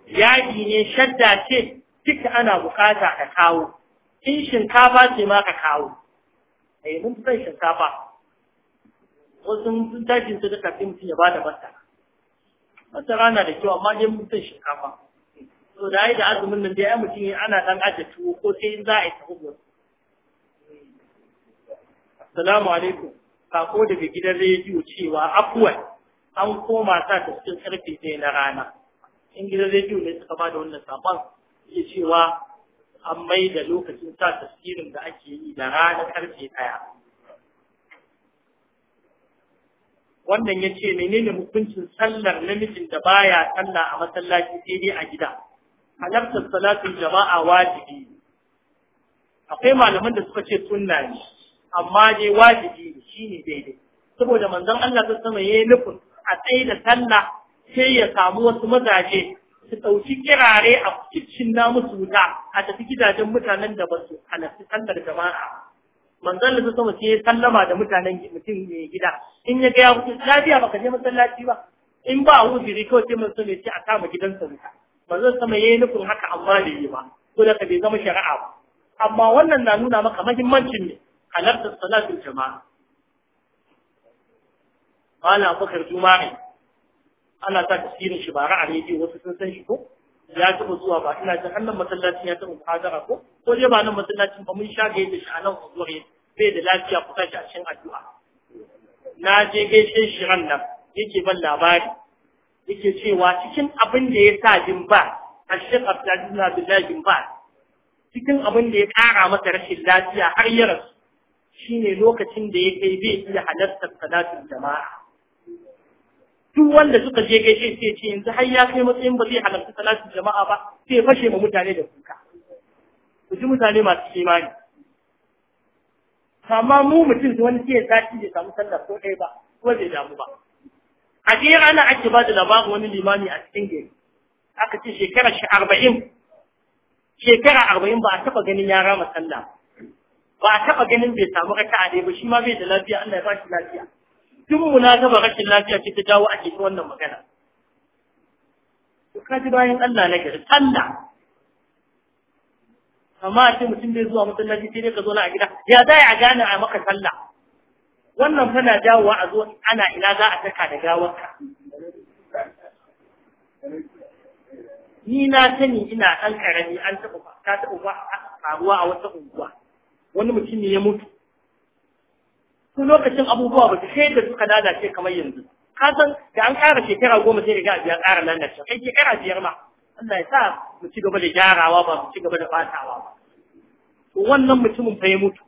yadi ne shadda ce duka ana bukata ka kawo in shinkafa ce ma ka kawo eh mun san shinkafa wasu sun tashi su da kafin mutum ya bada masara masara na da kyau amma dai mun san shinkafa to da ai da azumin nan dai ai mutum ana dan aje tuwo ko sai in za a yi tahubu assalamu alaikum sako daga gidan rediyo cewa afuwan an koma sa ta cikin karfe sai na rana in gidan rediyo ne suka ba da wannan sakon iya cewa an mai da lokacin sa tafsirin da ake yi da ranar karfe ɗaya. Wannan ya ce menene hukuncin sallar namijin da baya sallah a masallaci sai dai a gida. Halartar salatin jama'a wajibi Akwai malaman da suka ce sunna ne, amma dai wajibi ne shi ne daidai. Saboda manzon Allah ta sama ya yi a tsaye da sallah sai ya samu wasu mazaje su ɗauki kirare a kicin na musu wuta a tafi gidajen mutanen da ba su halarci sallar jama'a manzon da sama sai ya sallama da mutanen mutum ne gida in ya ga ya wuce lafiya baka je masallaci ba in ba a ne kawai sai mun ya ce a kama gidansa wuta manzon sama ya yi nufin haka amma da yi ba ko da bai zama shari'a ba amma wannan na nuna maka mahimmancin ne halartar salatin jama'a Ba na بكر juma'a. ana sa tasirin shi ra'a a rediyo wasu sun san shi ko ya taɓa zuwa ba ina jin annan masallacin ya taɓa muhadara ko ko dai ba nan masallacin ba mun sha gaye da shi a nan uzuri bai da lafiya ku tashi a cikin addu'a na je gaishe shi ran nan yake ban labari yake cewa cikin abin da ya sa jin ba a shek abdullahi abdullahi jin ba cikin abin da ya ƙara masa rashin lafiya har ya shine lokacin da ya kai bai iya halartar salatin jama'a duk wanda suka je gaishe sai ce yanzu har ya kai matsayin ba zai halarci salatin jama'a ba sai fashe ma mutane da kuka ku ji mutane masu imani amma mu mutum wani sai ya tashi bai samu sallah ko ɗaya ba ko bai damu ba a je ana ake ba da labarin wani limami a cikin gari aka ce shekara arba'in shekara arba'in ba a taɓa ganin ya rama sallah ba a taɓa ganin bai samu raka'a ɗaya ba shi ma bai da lafiya Allah ya ba shi lafiya muna gaba rashin lafiya ce ta jawo ake ta wannan magana to ka ji bayan Allah na gari Allah amma ce mutum bai zuwa masallaci sai dai ka zo na a gida ya za a gane a maka sallah wannan tana jawo a zo ana ina za a saka da gawarka ni na sani ina ɗan karami an taɓa ta taɓa faruwa a wata unguwa wani mutum ne ya mutu su lokacin abubuwa ba su kai da suka lalace kamar yanzu ka san da an ƙara shekara goma sai riga biyar ƙara can. kai shekara biyar ma Allah ya sa mu ci gaba da gyarawa ba mu ci gaba da fatawa ba to wannan mutumin fa ya mutu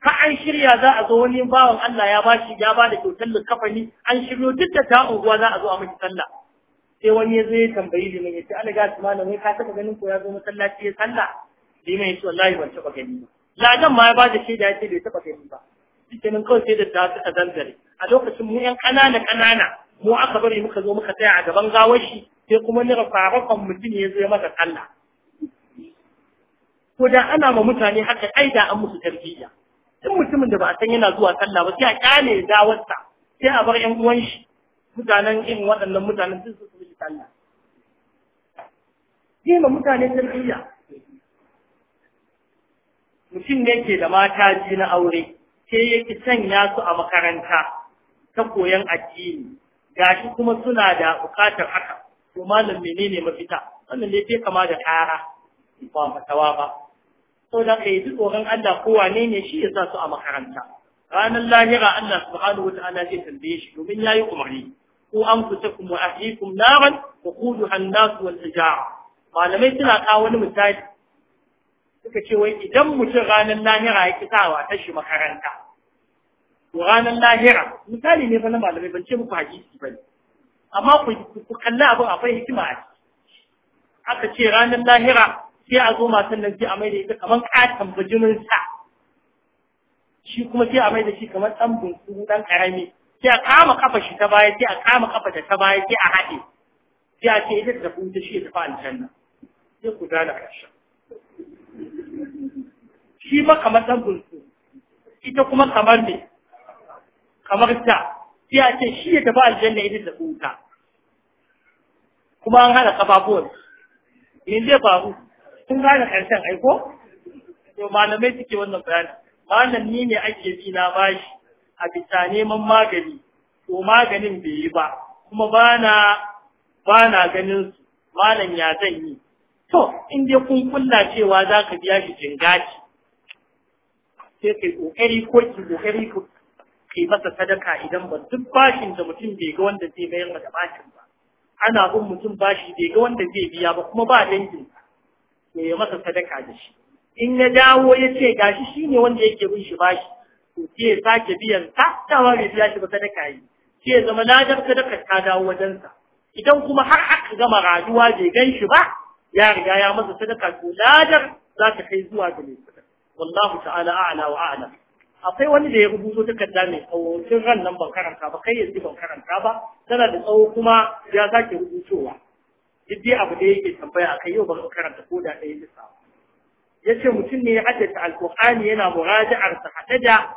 ka an shirya za a zo wani bawan Allah ya bashi ya ba da kyautar kafani an shiryo duk da ta unguwa za a zo a miki sallah sai wani ya zo tambayi liman ya ce ana ga su malam ka taɓa ganin ko ya zo masallaci ya sallah liman ya ce wallahi ban taɓa gani ba ladan ma ya ba da shaida ya ce bai taɓa gani ba shikenan kawai sai da ta suka zangare a lokacin mu yan kanana kanana mu aka bari muka zo muka tsaya a gaban gawar shi sai kuma ni rafarakon mutum ya zo ya masa tsalla. ko da ana ma mutane haka ai da an musu tarbiyya in mutumin da ba a san yana zuwa sallah ba sai a kyale dawarsa sai a bar yan uwan shi mutanen irin waɗannan mutanen sun su yi sallah yi ma mutane tarbiyya mutum ne ke da mata ji na aure ke yake ya su a makaranta ta koyon addini gashi kuma suna da bukatar haka to malam menene mafita wannan ne sai kama da ƙara ba fatawa ba to da kai duk tsoron Allah ko wane ne shi ya sa su a makaranta ranar lahira Allah subhanahu wataala zai tambaye shi domin yayi umarni ku an wa ahlikum naran wa quduha an-nas wal hijara malamai suna kawo wani misali suka ce wai idan mutum ranar lahira ya kisawa ta shi makaranta to ranar lahira misali ne fa na malamai ban ce muku hadisi ba ne amma ku ku kalli abin akwai hikima a ciki aka ce ranar lahira sai a zo matan nan sai a mai da ita kamar katon bijimin sa shi kuma sai a mai da shi kamar dan bunsuru dan karami sai a kama kafa shi ta baya sai a kama kafa da ta baya sai a haɗe sai a ce ita ta tafi ta shi ta tafi aljanna sai ku dala ƙarshen shi ma kamar ɗan bunsu ita kuma kamar ne kamar ta sai a ce shi ya tafi aljanna idan da tsuta kuma an hana kafafuwan in zai faru sun gane ƙarshen aiko to malamai suke wannan bayani malam ni ne ake bi na bashi a bisa neman magani to maganin bai yi ba kuma bana bana ganin su malam ya zan yi to in dai kun kulla cewa za ka biya shi jingaci sai kai kokari ko ki kokari ku kai masa sadaka idan ba duk bashin da mutum bai ga wanda zai bayar da bashin ba ana bin mutum bashi bai ga wanda zai biya ba kuma ba dangin ya ya masa sadaka da shi in ya dawo ya ce gashi shi ne wanda yake bin shi bashi to ke ya sake biyan ta dawa bai biya shi ba sadaka yi Ke ya zama ladar sadaka ta dawo wajensa idan kuma har aka gama rayuwa bai gan shi ba ya riga ya masa sadaka ko ladar za ta kai zuwa ga mai wallahu ta'ala a'la wa akwai wani da ya rubuto takarda mai tsawo tun ran nan ban karanta ba kai yanzu ban karanta ba tana da tsawo kuma ya sake rubutowa duk dai abu da yake tambaya akai yau ban karanta ko da ɗaya bisa ya ce mutum ne ya haddace alkur'ani yana sa haɗe da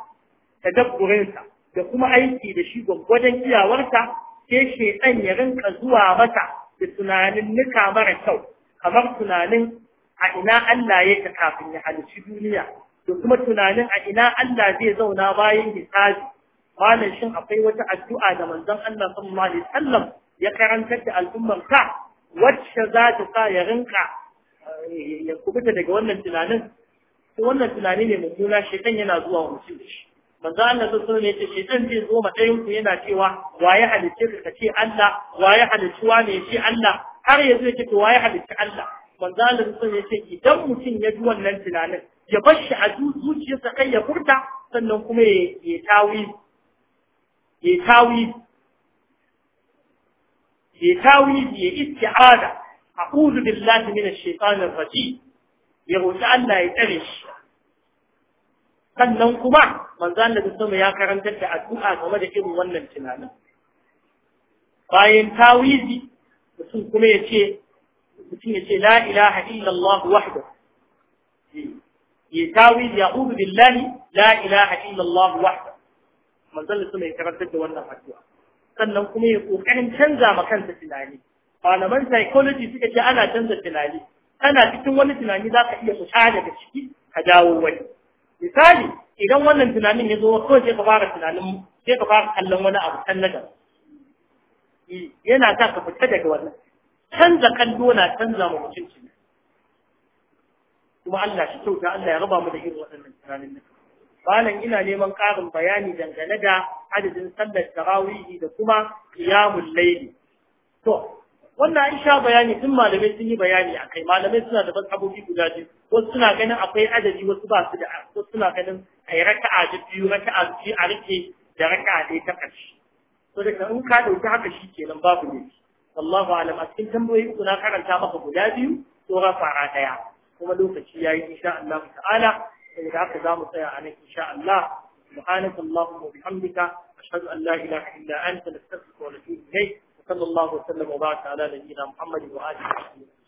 tadabburinsa da kuma aiki da shi gwaggwadon iyawarsa sai ɗan ya rinka zuwa mata da tunanin nika mara kyau kamar tunanin a ina Allah yake kafin ya halici duniya da kuma tunanin a ina Allah zai zauna bayan hisabi malam shin akwai wata addu'a da manzon Allah sallallahu alaihi wasallam ya karanta da al'ummar ka wacce za ta sa ya rinka eh, ya kubuta daga wannan tunanin to wannan tunani ne shi shekan yana zuwa mutum da shi manzon Allah sallallahu alaihi wasallam ya ce shekan zai zo ma ku yana cewa waye halice ka ce Allah waye halice ya ce Allah har yanzu yake to waye halitta Allah manzo Allah sun yace idan mutum ya ji wannan tunanin ya bar shi a zuciyarsa kai ya furta sannan kuma ya tawi ya tawi ya tawi ya isti'ada a'udhu billahi minash shaitanir rajim ya roki Allah ya tsare shi sannan kuma manzo Allah sun ya karantar da addu'a game da irin wannan tunanin bayan tawizi mutum kuma ya ce mutum ya ce la ilaha illallah wahda ya tawi ya ubu billahi la ilaha illallah wahda manzon su mai karantar da wannan addu'a sannan kuma ya kokarin canza ma kansa tunani malaman psychology suka ce ana canza tunani kana cikin wani tunani za ka iya fita daga ciki ka dawo wani misali idan wannan tunanin ya zo kawai sai ka fara tunanin sai ka fara kallon wani abu kan na gaba yana sa ka fita daga wannan canza kallo na canza ma mutunci kuma Allah shi kyauta Allah ya raba mu da irin waɗannan tunanin nan bayan ina neman ƙarin bayani dangane da adadin sallar tarawihi da kuma qiyamul layli to wannan an bayani tun malamai sun yi bayani akai malamai suna da abubuwa guda biyu wasu suna ganin akwai adadi wasu ba su da wasu suna ganin yi raka'a da biyu raka'a biyu a rike da raka'a da ta ƙarshe to daga in ka dauki haka shi kenan babu ne Allahu alam a cikin tambayoyi uku na karanta maka guda biyu tsora fara daya kuma lokaci yayi insha Allah ta'ala saboda haka za mu tsaya a nan insha Allah سبحانك اللهم وبحمدك أشهد أن لا إله إلا أنت نستغفرك ونتوب إليك وصلى الله وسلم وبارك على نبينا محمد وآله وصحبه